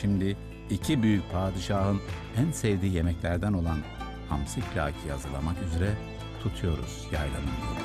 şimdi iki büyük padişahın en sevdiği yemeklerden olan hamsi plaki hazırlamak üzere tutuyoruz yaylanın yolunu.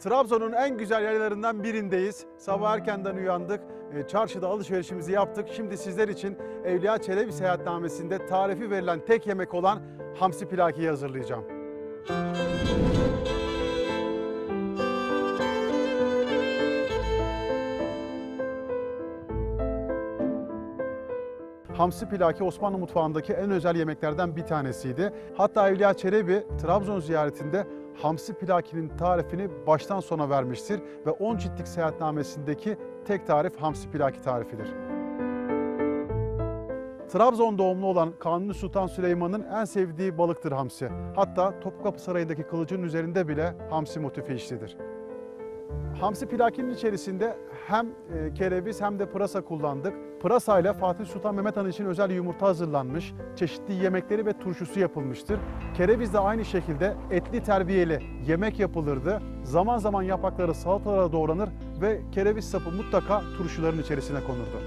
Trabzon'un en güzel yerlerinden birindeyiz. Sabah erkenden uyandık, ee, çarşıda alışverişimizi yaptık. Şimdi sizler için Evliya Çelebi seyahatnamesinde tarifi verilen tek yemek olan hamsi pilakiyi hazırlayacağım. Hamsi pilaki Osmanlı mutfağındaki en özel yemeklerden bir tanesiydi. Hatta Evliya Çelebi Trabzon ziyaretinde hamsi pilakinin tarifini baştan sona vermiştir ve 10 ciltlik seyahatnamesindeki tek tarif hamsi pilaki tarifidir. Trabzon doğumlu olan Kanuni Sultan Süleyman'ın en sevdiği balıktır hamsi. Hatta Topkapı Sarayı'ndaki kılıcın üzerinde bile hamsi motifi işlidir. Hamsi plakinin içerisinde hem e, kereviz hem de pırasa kullandık. Pırasa ile Fatih Sultan Mehmet Han için özel yumurta hazırlanmış, çeşitli yemekleri ve turşusu yapılmıştır. Kereviz de aynı şekilde etli terbiyeli yemek yapılırdı. Zaman zaman yaprakları salatalara doğranır ve kereviz sapı mutlaka turşuların içerisine konurdu.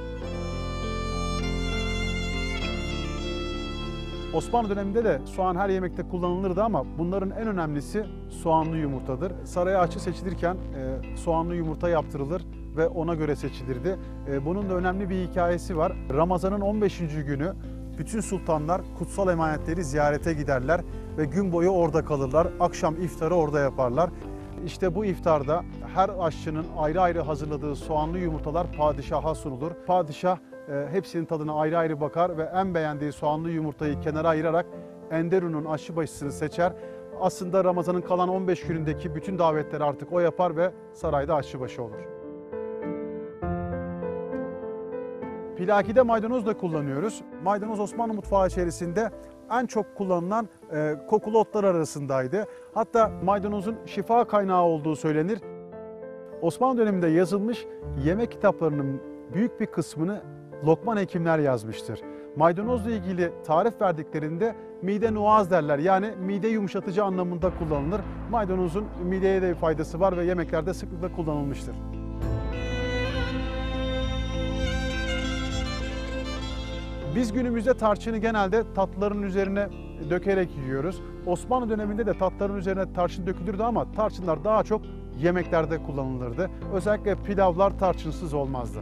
Osmanlı döneminde de soğan her yemekte kullanılırdı ama bunların en önemlisi soğanlı yumurtadır. Saraya açı seçilirken e, soğanlı yumurta yaptırılır ve ona göre seçilirdi. E, bunun da önemli bir hikayesi var. Ramazan'ın 15. günü bütün sultanlar kutsal emanetleri ziyarete giderler ve gün boyu orada kalırlar. Akşam iftarı orada yaparlar. İşte bu iftarda her aşçının ayrı ayrı hazırladığı soğanlı yumurtalar padişaha sunulur. Padişah e, hepsinin tadına ayrı ayrı bakar ve en beğendiği soğanlı yumurtayı kenara ayırarak Enderun'un aşçı başısını seçer. Aslında Ramazan'ın kalan 15 günündeki bütün davetleri artık o yapar ve sarayda aşçıbaşı olur. Pilakide maydanoz da kullanıyoruz. Maydanoz Osmanlı mutfağı içerisinde en çok kullanılan e, kokulu otlar arasındaydı. Hatta maydanozun şifa kaynağı olduğu söylenir. Osmanlı döneminde yazılmış yemek kitaplarının büyük bir kısmını Lokman hekimler yazmıştır. Maydanozla ilgili tarif verdiklerinde mide nuaz derler. Yani mide yumuşatıcı anlamında kullanılır. Maydanozun mideye de bir faydası var ve yemeklerde sıklıkla kullanılmıştır. Biz günümüzde tarçını genelde tatlıların üzerine dökerek yiyoruz. Osmanlı döneminde de tatların üzerine tarçın dökülürdü ama tarçınlar daha çok yemeklerde kullanılırdı. Özellikle pilavlar tarçınsız olmazdı.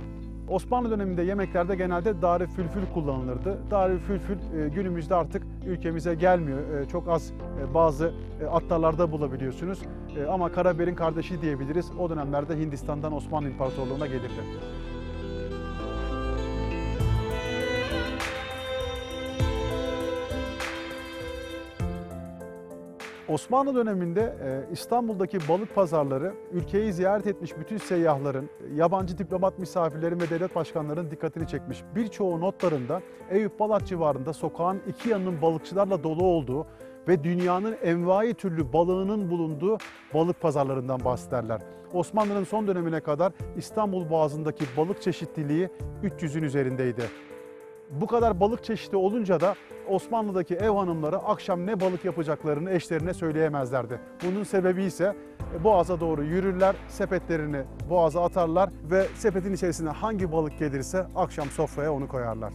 Osmanlı döneminde yemeklerde genelde darı fülfül kullanılırdı. Darı fülfül e, günümüzde artık ülkemize gelmiyor. E, çok az e, bazı atlarlarda bulabiliyorsunuz. Ama karabiberin kardeşi diyebiliriz. O dönemlerde Hindistan'dan Osmanlı İmparatorluğu'na gelirdi. Osmanlı döneminde e, İstanbul'daki balık pazarları ülkeyi ziyaret etmiş bütün seyyahların, yabancı diplomat misafirlerin ve devlet başkanlarının dikkatini çekmiş. Birçoğu notlarında Eyüp Balat civarında sokağın iki yanının balıkçılarla dolu olduğu ve dünyanın envai türlü balığının bulunduğu balık pazarlarından bahsederler. Osmanlı'nın son dönemine kadar İstanbul Boğazı'ndaki balık çeşitliliği 300'ün üzerindeydi. Bu kadar balık çeşidi olunca da Osmanlı'daki ev hanımları akşam ne balık yapacaklarını eşlerine söyleyemezlerdi. Bunun sebebi ise e, boğaza doğru yürürler, sepetlerini boğaza atarlar ve sepetin içerisine hangi balık gelirse akşam sofraya onu koyarlar.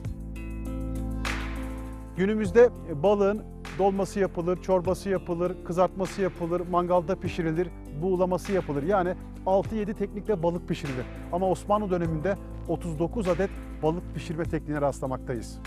Günümüzde balığın dolması yapılır, çorbası yapılır, kızartması yapılır, mangalda pişirilir, buğulaması yapılır. Yani 6-7 teknikle balık pişirilir. Ama Osmanlı döneminde 39 adet balık pişirme tekniğine rastlamaktayız.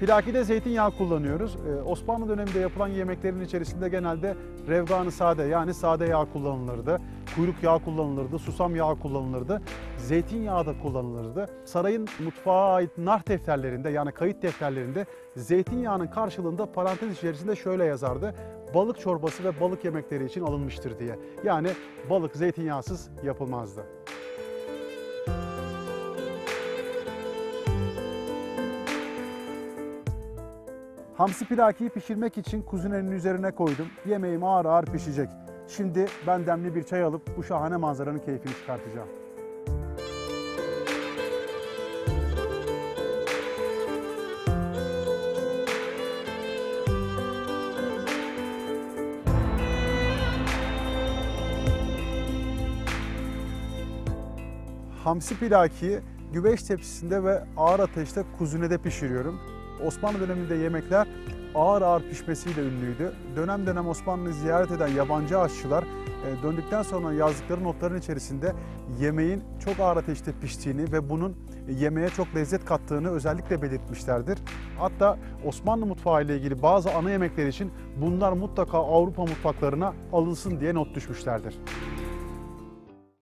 Plaki'de zeytinyağı kullanıyoruz. Ee, Osmanlı döneminde yapılan yemeklerin içerisinde genelde revganı sade yani sade yağ kullanılırdı. Kuyruk yağı kullanılırdı, susam yağı kullanılırdı, zeytinyağı da kullanılırdı. Sarayın mutfağa ait nar defterlerinde yani kayıt defterlerinde zeytinyağının karşılığında parantez içerisinde şöyle yazardı. Balık çorbası ve balık yemekleri için alınmıştır diye. Yani balık zeytinyağsız yapılmazdı. Hamsi pilakiyi pişirmek için kuzinenin üzerine koydum. Yemeğim ağır ağır pişecek. Şimdi ben demli bir çay alıp bu şahane manzaranın keyfini çıkartacağım. Hamsi pilakiyi güveç tepsisinde ve ağır ateşte kuzunede pişiriyorum. Osmanlı döneminde yemekler ağır ağır pişmesiyle ünlüydü. Dönem dönem Osmanlı'yı ziyaret eden yabancı aşçılar e, döndükten sonra yazdıkları notların içerisinde yemeğin çok ağır ateşte piştiğini ve bunun e, yemeğe çok lezzet kattığını özellikle belirtmişlerdir. Hatta Osmanlı mutfağı ile ilgili bazı ana yemekler için bunlar mutlaka Avrupa mutfaklarına alınsın diye not düşmüşlerdir.